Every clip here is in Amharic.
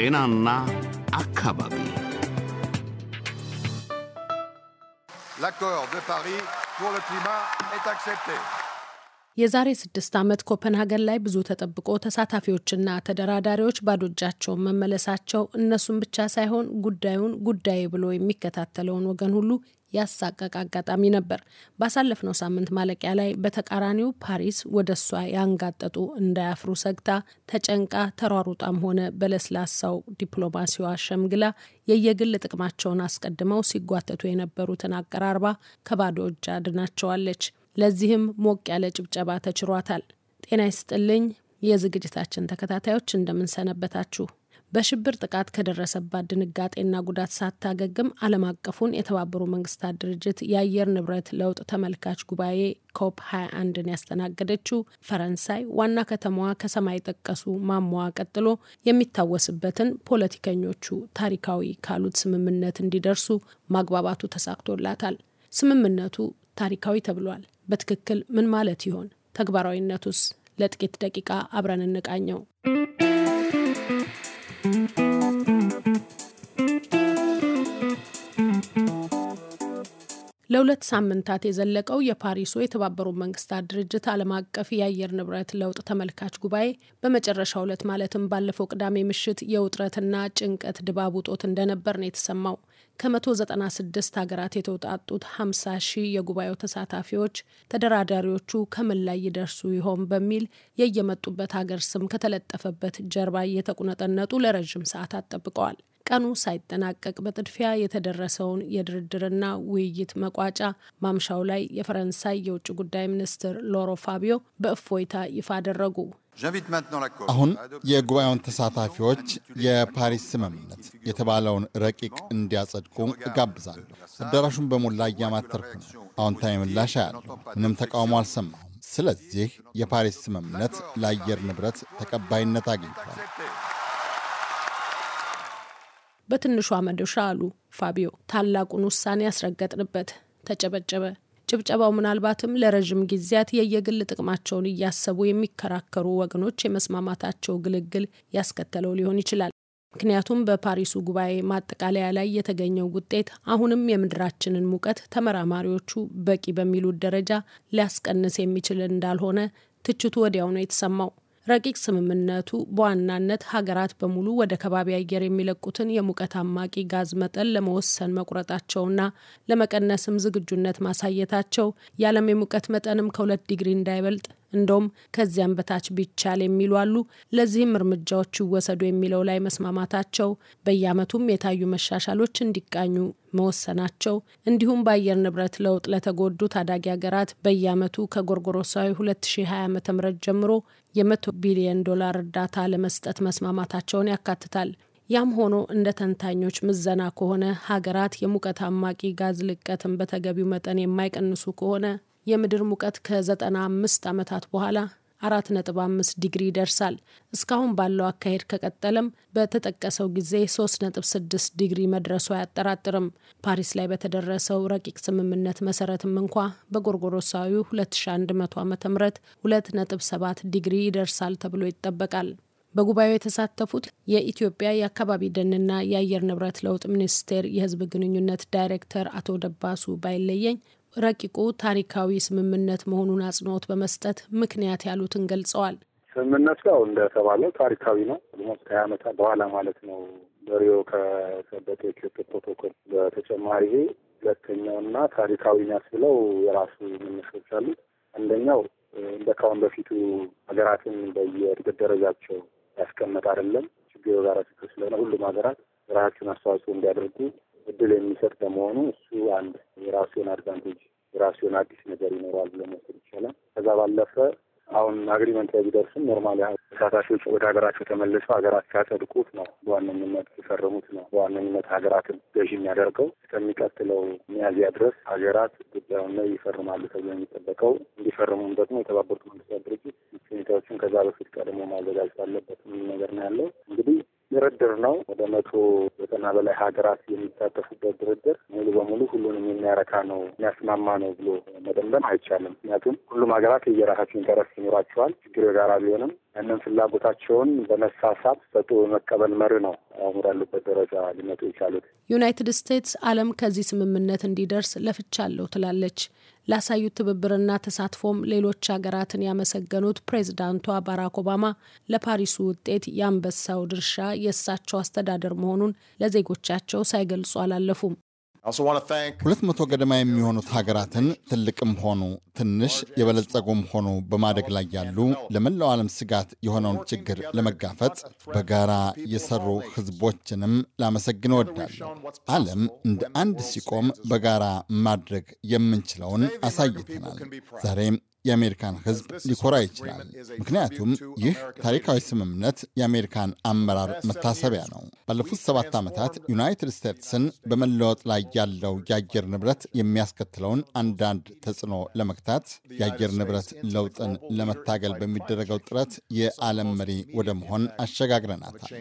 L'accord de Paris pour le climat est accepté. የዛሬ ስድስት ዓመት ኮፐንሃገን ላይ ብዙ ተጠብቆ ተሳታፊዎችና ተደራዳሪዎች ባዶ እጃቸውን መመለሳቸው እነሱን ብቻ ሳይሆን ጉዳዩን ጉዳይ ብሎ የሚከታተለውን ወገን ሁሉ ያሳቀቅ አጋጣሚ ነበር። ባሳለፍነው ሳምንት ማለቂያ ላይ በተቃራኒው ፓሪስ ወደ እሷ ያንጋጠጡ እንዳያፍሩ ሰግታ ተጨንቃ ተሯሩጣም ሆነ በለስላሳው ዲፕሎማሲዋ ሸምግላ የየግል ጥቅማቸውን አስቀድመው ሲጓተቱ የነበሩትን አቀራርባ ከባዶ እጅ አድናቸዋለች። ለዚህም ሞቅ ያለ ጭብጨባ ተችሯታል። ጤና ይስጥልኝ የዝግጅታችን ተከታታዮች እንደምንሰነበታችሁ። በሽብር ጥቃት ከደረሰባት ድንጋጤና ጉዳት ሳታገግም ዓለም አቀፉን የተባበሩ መንግስታት ድርጅት የአየር ንብረት ለውጥ ተመልካች ጉባኤ ኮፕ 21ን ያስተናገደችው ፈረንሳይ ዋና ከተማዋ ከሰማይ ጠቀሱ ማማዋ ቀጥሎ የሚታወስበትን ፖለቲከኞቹ ታሪካዊ ካሉት ስምምነት እንዲደርሱ ማግባባቱ ተሳክቶላታል። ስምምነቱ ታሪካዊ ተብሏል። በትክክል ምን ማለት ይሆን? ተግባራዊነቱስ? ለጥቂት ደቂቃ አብረን እንቃኘው። ለሁለት ሳምንታት የዘለቀው የፓሪሱ የተባበሩት መንግስታት ድርጅት ዓለም አቀፍ የአየር ንብረት ለውጥ ተመልካች ጉባኤ በመጨረሻው ዕለት ማለትም ባለፈው ቅዳሜ ምሽት የውጥረትና ጭንቀት ድባብ ውጦት እንደነበር ነው የተሰማው። ከ196 ሀገራት የተውጣጡት 50 ሺህ የጉባኤው ተሳታፊዎች ተደራዳሪዎቹ ከምን ላይ ይደርሱ ይሆን በሚል የየመጡበት ሀገር ስም ከተለጠፈበት ጀርባ እየተቁነጠነጡ ለረዥም ሰዓታት ጠብቀዋል። ቀኑ ሳይጠናቀቅ በጥድፊያ የተደረሰውን የድርድርና ውይይት መቋጫ ማምሻው ላይ የፈረንሳይ የውጭ ጉዳይ ሚኒስትር ሎሮ ፋቢዮ በእፎይታ ይፋ አደረጉ። አሁን የጉባኤውን ተሳታፊዎች የፓሪስ ስምምነት የተባለውን ረቂቅ እንዲያጸድቁ እጋብዛለሁ። አዳራሹን በሞላ እያማተርኩ ነው። አዎንታዊ ምላሽ አያለሁ። ምንም ተቃውሞ አልሰማሁም። ስለዚህ የፓሪስ ስምምነት ለአየር ንብረት ተቀባይነት አግኝቷል። በትንሿ መዶሻ አሉ ፋቢዮ። ታላቁን ውሳኔ ያስረገጥንበት ተጨበጨበ። ጭብጨባው ምናልባትም ለረዥም ጊዜያት የየግል ጥቅማቸውን እያሰቡ የሚከራከሩ ወገኖች የመስማማታቸው ግልግል ያስከተለው ሊሆን ይችላል። ምክንያቱም በፓሪሱ ጉባኤ ማጠቃለያ ላይ የተገኘው ውጤት አሁንም የምድራችንን ሙቀት ተመራማሪዎቹ በቂ በሚሉት ደረጃ ሊያስቀንስ የሚችል እንዳልሆነ ትችቱ ወዲያው ነው የተሰማው። ረቂቅ ስምምነቱ በዋናነት ሀገራት በሙሉ ወደ ከባቢ አየር የሚለቁትን የሙቀት አማቂ ጋዝ መጠን ለመወሰን መቁረጣቸውና ለመቀነስም ዝግጁነት ማሳየታቸው የዓለም የሙቀት መጠንም ከሁለት ዲግሪ እንዳይበልጥ እንደውም ከዚያም በታች ቢቻል የሚሉ አሉ። ለዚህም እርምጃዎች ይወሰዱ የሚለው ላይ መስማማታቸው፣ በየአመቱም የታዩ መሻሻሎች እንዲቃኙ መወሰናቸው እንዲሁም በአየር ንብረት ለውጥ ለተጎዱ ታዳጊ ሀገራት በየዓመቱ ከጎርጎሮሳዊ 2020 ዓ.ም ጀምሮ የመቶ ቢሊዮን ዶላር እርዳታ ለመስጠት መስማማታቸውን ያካትታል። ያም ሆኖ እንደ ተንታኞች ምዘና ከሆነ ሀገራት የሙቀት አማቂ ጋዝ ልቀትን በተገቢው መጠን የማይቀንሱ ከሆነ የምድር ሙቀት ከ95 ዓመታት በኋላ 4.5 ዲግሪ ይደርሳል። እስካሁን ባለው አካሄድ ከቀጠለም በተጠቀሰው ጊዜ 3.6 ዲግሪ መድረሱ አያጠራጥርም። ፓሪስ ላይ በተደረሰው ረቂቅ ስምምነት መሰረትም እንኳ በጎርጎሮሳዊ 2100 ዓ ም 2.7 ዲግሪ ይደርሳል ተብሎ ይጠበቃል። በጉባኤው የተሳተፉት የኢትዮጵያ የአካባቢ ደንና የአየር ንብረት ለውጥ ሚኒስቴር የሕዝብ ግንኙነት ዳይሬክተር አቶ ደባሱ ባይለየኝ ረቂቁ ታሪካዊ ስምምነት መሆኑን አጽንኦት በመስጠት ምክንያት ያሉትን ገልጸዋል። ስምምነቱ ያው እንደተባለው ታሪካዊ ነው። ኦልሞስት ከሀያ ዓመት በኋላ ማለት ነው በሪዮ ከጸደቀው የኪዮቶ ፕሮቶኮል በተጨማሪ ሁለተኛውና ታሪካዊ የሚያስብለው የራሱ መነሾች አሉት። አንደኛው እንደ ካሁን በፊቱ ሀገራትን በየእድገት ደረጃቸው ያስቀመጥ አይደለም። ችግሩ ጋር ስለሆነ ሁሉም ሀገራት የራሳቸውን አስተዋጽኦ እንዲያደርጉ እድል የሚሰጥ በመሆኑ እሱ አንድ የራሱ የሆነ አድቫንቴጅ የራሱ የሆነ አዲስ ነገር ይኖረዋል ብሎ መውሰድ ይቻላል። ከዛ ባለፈ አሁን አግሪመንት ላይ ቢደርስም ኖርማል ተሳታፊዎች ወደ ሀገራቸው ተመልሰው ሀገራት ሲያጸድቁት ነው በዋነኝነት የፈረሙት ነው በዋነኝነት ሀገራትን ገዥ የሚያደርገው እስከሚቀጥለው ሚያዝያ ድረስ ሀገራት ጉዳዩን ላይ ይፈርማሉ ተብሎ የሚጠበቀው እንዲፈርሙም ደግሞ የተባበሩት መንግስታት ድርጅት ሁኔታዎችን ከዛ በፊት ቀድሞ ማዘጋጀት አለበት የሚል ነገር ነው ያለው እንግዲህ ድርድር ነው። ወደ መቶ ዘጠና በላይ ሀገራት የሚሳተፉበት ድርድር ሙሉ በሙሉ ሁሉንም የሚያረካ ነው የሚያስማማ ነው ብሎ መደምደም አይቻልም። ምክንያቱም ሁሉም ሀገራት የየራሳቸው ኢንተረስት ይኖራቸዋል። ችግር የጋራ ቢሆንም ያንን ፍላጎታቸውን በመሳሳብ ሰጡ በመቀበል መሪ ነው አሁን ወዳሉበት ደረጃ ሊመጡ የቻሉት። ዩናይትድ ስቴትስ ዓለም ከዚህ ስምምነት እንዲደርስ ለፍቻለሁ ትላለች። ላሳዩት ትብብርና ተሳትፎም ሌሎች ሀገራትን ያመሰገኑት ፕሬዚዳንቷ ባራክ ኦባማ ለፓሪሱ ውጤት የአንበሳው ድርሻ የእሳቸው አስተዳደር መሆኑን ለዜጎቻቸው ሳይገልጹ አላለፉም። ሁለት መቶ ገደማ የሚሆኑት ሀገራትን ትልቅም ሆኑ ትንሽ የበለጸጉም ሆኑ በማደግ ላይ ያሉ ለመላው ዓለም ስጋት የሆነውን ችግር ለመጋፈጥ በጋራ የሰሩ ህዝቦችንም ላመሰግን እወዳለሁ። ዓለም እንደ አንድ ሲቆም በጋራ ማድረግ የምንችለውን አሳይተናል። ዛሬም የአሜሪካን ሕዝብ ሊኮራ ይችላል። ምክንያቱም ይህ ታሪካዊ ስምምነት የአሜሪካን አመራር መታሰቢያ ነው። ባለፉት ሰባት ዓመታት ዩናይትድ ስቴትስን በመለወጥ ላይ ያለው የአየር ንብረት የሚያስከትለውን አንዳንድ ተጽዕኖ ለመግታት የአየር ንብረት ለውጥን ለመታገል በሚደረገው ጥረት የዓለም መሪ ወደ መሆን አሸጋግረናታል።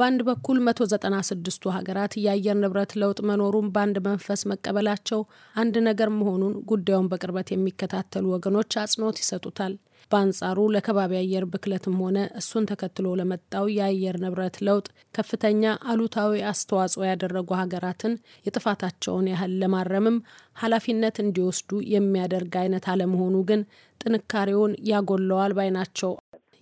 በአንድ በኩል 196ቱ ሀገራት የአየር ንብረት ለውጥ መኖሩን በአንድ መንፈስ መቀበላቸው አንድ ነገር መሆኑን ጉዳዩን በቅርበት የሚከታተሉ ወገኖች አጽንኦት ይሰጡታል። በአንጻሩ ለከባቢ አየር ብክለትም ሆነ እሱን ተከትሎ ለመጣው የአየር ንብረት ለውጥ ከፍተኛ አሉታዊ አስተዋጽኦ ያደረጉ ሀገራትን የጥፋታቸውን ያህል ለማረምም ኃላፊነት እንዲወስዱ የሚያደርግ አይነት አለመሆኑ ግን ጥንካሬውን ያጎለዋል ባይ ናቸው።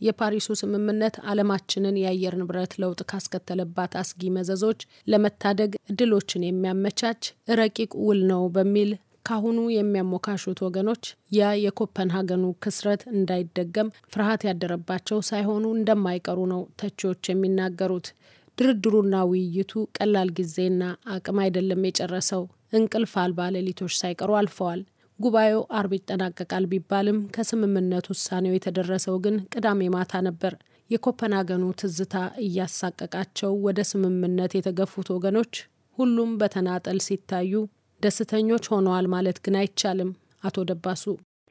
የፓሪሱ ስምምነት ዓለማችንን የአየር ንብረት ለውጥ ካስከተለባት አስጊ መዘዞች ለመታደግ እድሎችን የሚያመቻች ረቂቅ ውል ነው በሚል ካሁኑ የሚያሞካሹት ወገኖች ያ የኮፐንሃገኑ ክስረት እንዳይደገም ፍርሃት ያደረባቸው ሳይሆኑ እንደማይቀሩ ነው ተቺዎች የሚናገሩት። ድርድሩና ውይይቱ ቀላል ጊዜና አቅም አይደለም የጨረሰው። እንቅልፍ አልባ ሌሊቶች ሳይቀሩ አልፈዋል። ጉባኤው አርብ ይጠናቀቃል ቢባልም ከስምምነት ውሳኔው የተደረሰው ግን ቅዳሜ ማታ ነበር። የኮፐንሃገኑ ትዝታ እያሳቀቃቸው ወደ ስምምነት የተገፉት ወገኖች ሁሉም በተናጠል ሲታዩ ደስተኞች ሆነዋል ማለት ግን አይቻልም። አቶ ደባሱ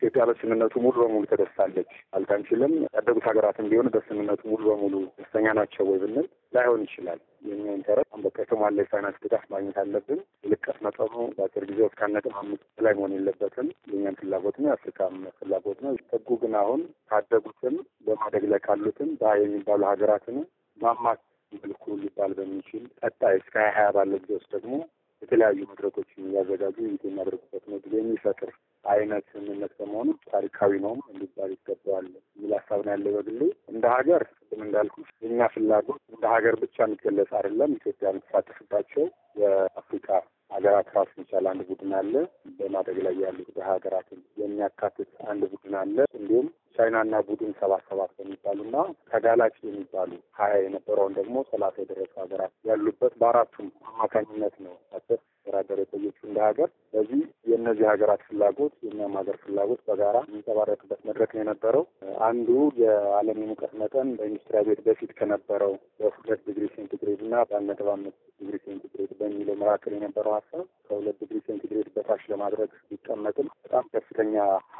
ኢትዮጵያ በስምነቱ ሙሉ በሙሉ ተደስታለች ማለት አንችልም። ያደጉት ሀገራትም ቢሆን በስምነቱ ሙሉ በሙሉ ደስተኛ ናቸው ወይ ብንል ላይሆን ይችላል። የኛ ኢንተረስ አሁን በቃ የተሟላ የፋይናንስ ድጋፍ ማግኘት አለብን። የልቀት መጠኑ በአጭር ጊዜ ውስጥ ከነጥብ አምስት ላይ መሆን የለበትም። የኛም ፍላጎት ነው፣ የአፍሪካም ፍላጎት ነው። ህጉ ግን አሁን ካደጉትም በማደግ ላይ ካሉትም ድሀ የሚባሉ ሀገራትን ማማት መልኩ ሊባል በሚችል ቀጣይ እስከ ሀያ ሀያ ባለ ጊዜ ውስጥ ደግሞ የተለያዩ መድረኮችን እያዘጋጁ ውይይት የሚያደርጉበት መድረክ የሚፈጥር አይነት ስምምነት በመሆኑ ታሪካዊ ነውም እንዲባል ይገባዋል የሚል ሀሳብ ነው ያለው። በግሌ። እንደ ሀገር ቅድም እንዳልኩ የኛ ፍላጎት እንደ ሀገር ብቻ የሚገለጽ አይደለም። ኢትዮጵያ የምትሳተፍባቸው የአፍሪካ ሀገራት ራሱን የቻለ አንድ ቡድን አለ። በማደግ ላይ ያሉት ሀገራትን የሚያካትት አንድ ቡድን አለ። እንዲሁም ቻይናና ቡድን ሰባት ሰባት የሚባሉና ተጋላጭ የሚባሉ ሀያ የነበረውን ደግሞ ሰላሳ የደረሱ ሀገራት ያሉበት በአራቱም አማካኝነት ነው አስር ስትደራደር የቆየችው እንደ ሀገር። ስለዚህ የእነዚህ ሀገራት ፍላጎት የእኛም ሀገር ፍላጎት በጋራ የሚንጸባረቅበት መድረክ ነው የነበረው። አንዱ የዓለም የሙቀት መጠን በኢንዱስትሪ ቤት በፊት ከነበረው በሁለት ዲግሪ ሴንቲግሬድ እና በአንድ ነጥብ አምስት ዲግሪ ሴንቲግሬድ በሚለው መካከል የነበረው ሀሳብ ከሁለት ዲግሪ ሴንቲግሬድ በታች ለማድረግ ቢቀመጥም በጣም ከፍተኛ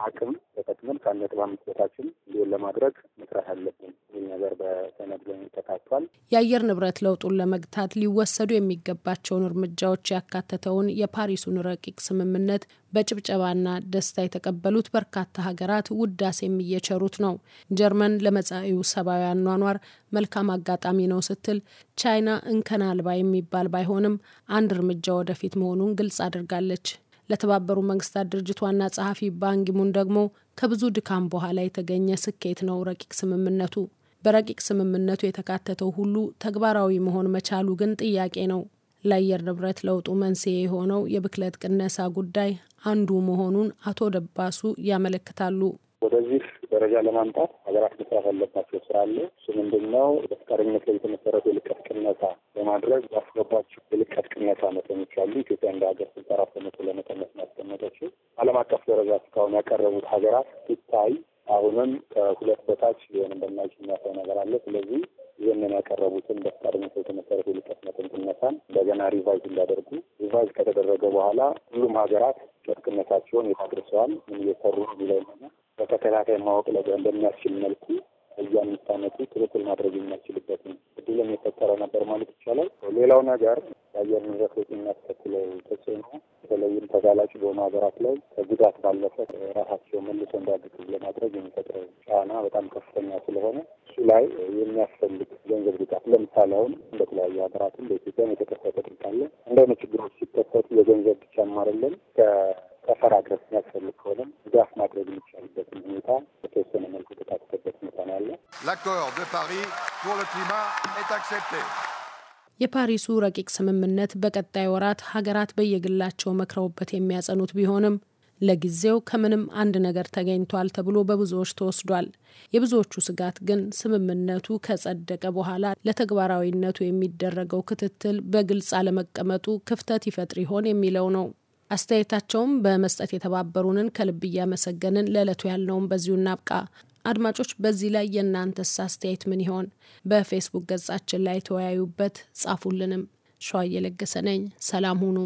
አቅም ተጠቅመን ከአንድ ነጥብ አምስት በታችን እንዲሆን ለማድረግ መስራት አለብን የሚል ነገር በሰነድ ላይ ተካቷል። የአየር ንብረት ለውጡን ለመግታት ሊወሰዱ የሚገባቸውን እርምጃዎች ያካተተውን የፓሪሱን ረቂቅ ስምምነት በጭብጨባና ደስታ የተቀበሉት በርካታ ሀገራት ውዳሴም እየቸሩት ነው። ጀርመን ለመጻኢው ሰብአዊ አኗኗር መልካም አጋጣሚ ነው ስትል፣ ቻይና እንከን አልባ የሚባል ባይሆንም አንድ እርምጃ ወደፊት መሆኑን ግልጽ አድርጋለች። ለተባበሩ መንግስታት ድርጅት ዋና ጸሐፊ ባንኪሙን ደግሞ ከብዙ ድካም በኋላ የተገኘ ስኬት ነው ረቂቅ ስምምነቱ። በረቂቅ ስምምነቱ የተካተተው ሁሉ ተግባራዊ መሆን መቻሉ ግን ጥያቄ ነው። ለአየር ንብረት ለውጡ መንስኤ የሆነው የብክለት ቅነሳ ጉዳይ አንዱ መሆኑን አቶ ደባሱ ያመለክታሉ። ወደዚህ ደረጃ ለማምጣት ሀገራት መስራት ያለባቸው ስራ አለ። እሱ ምንድን ነው? በፍቃደኝነት ላይ የተመሰረቱ የልቀት ቅነሳ በማድረግ ያስገባቸው የልቀት ቅነሳ መጠኖች አሉ። ኢትዮጵያ እንደ ሀገር ስልሳ አራት በመቶ ለመቀነስ ያስቀመጠችው ዓለም አቀፍ ደረጃ እስካሁን ያቀረቡት ሀገራት ሲታይ አሁንም ከሁለት በታች ሊሆን እንደማይችል የሚያሳይ ነገር አለ። ስለዚህ ይህንን ያቀረቡትን በፍቃደኝነት የተመሰረቱ ልቀት መጠን ቅነሳን እንደገና ሪቫይዝ እንዲያደርጉ ሪቫይዝ ከተደረገ በኋላ ሁሉም ሀገራት ጨርቅነታቸውን የታድርሰዋል ምን እየሰሩ የሚለውን በተከታታይ ማወቅ ለ እንደሚያስችል መልኩ በየአምስት አመቱ ክትትል ማድረግ የሚያስችልበት ነው እድልን የፈጠረ ነበር ማለት ይቻላል። ሌላው ነገር የአየር ንብረት ለውጥ የሚያስከትለው ተጽዕኖ በተለይም ተጋላጭ በሆኑ ሀገራት ላይ ከጉዳት ባለፈ ራሳቸው መልሶ እንዲያድጉ ለማድረግ የሚፈጥረው ጫና በጣም ከፍተኛ ስለሆነ እሱ ላይ የሚያስፈልግ ገንዘብ ድጋፍ፣ ለምሳሌ አሁን በተለያዩ ሀገራትም በኢትዮጵያም የተከሰተ ድርቅ አለ። እንደ ችግሮች ሲከሰቱ የገንዘብ ብቻ ማረለን ከሰፈራ ድረስ የሚያስፈልግ ከሆነም ድጋፍ ማድረግ የሚቻልበትን ሁኔታ l'accord de Paris pour le climat est accepté. የፓሪሱ ረቂቅ ስምምነት በቀጣይ ወራት ሀገራት በየግላቸው መክረውበት የሚያጸኑት ቢሆንም ለጊዜው ከምንም አንድ ነገር ተገኝቷል ተብሎ በብዙዎች ተወስዷል። የብዙዎቹ ስጋት ግን ስምምነቱ ከጸደቀ በኋላ ለተግባራዊነቱ የሚደረገው ክትትል በግልጽ አለመቀመጡ ክፍተት ይፈጥር ይሆን የሚለው ነው። አስተያየታቸውም በመስጠት የተባበሩንን ከልብ እያመሰገንን ለዕለቱ ያልነውም በዚሁ እናብቃ። አድማጮች በዚህ ላይ የእናንተስ አስተያየት ምን ይሆን? በፌስቡክ ገጻችን ላይ ተወያዩበት፣ ጻፉልንም። ሸዋ እየለገሰ ነኝ። ሰላም ሁኑ።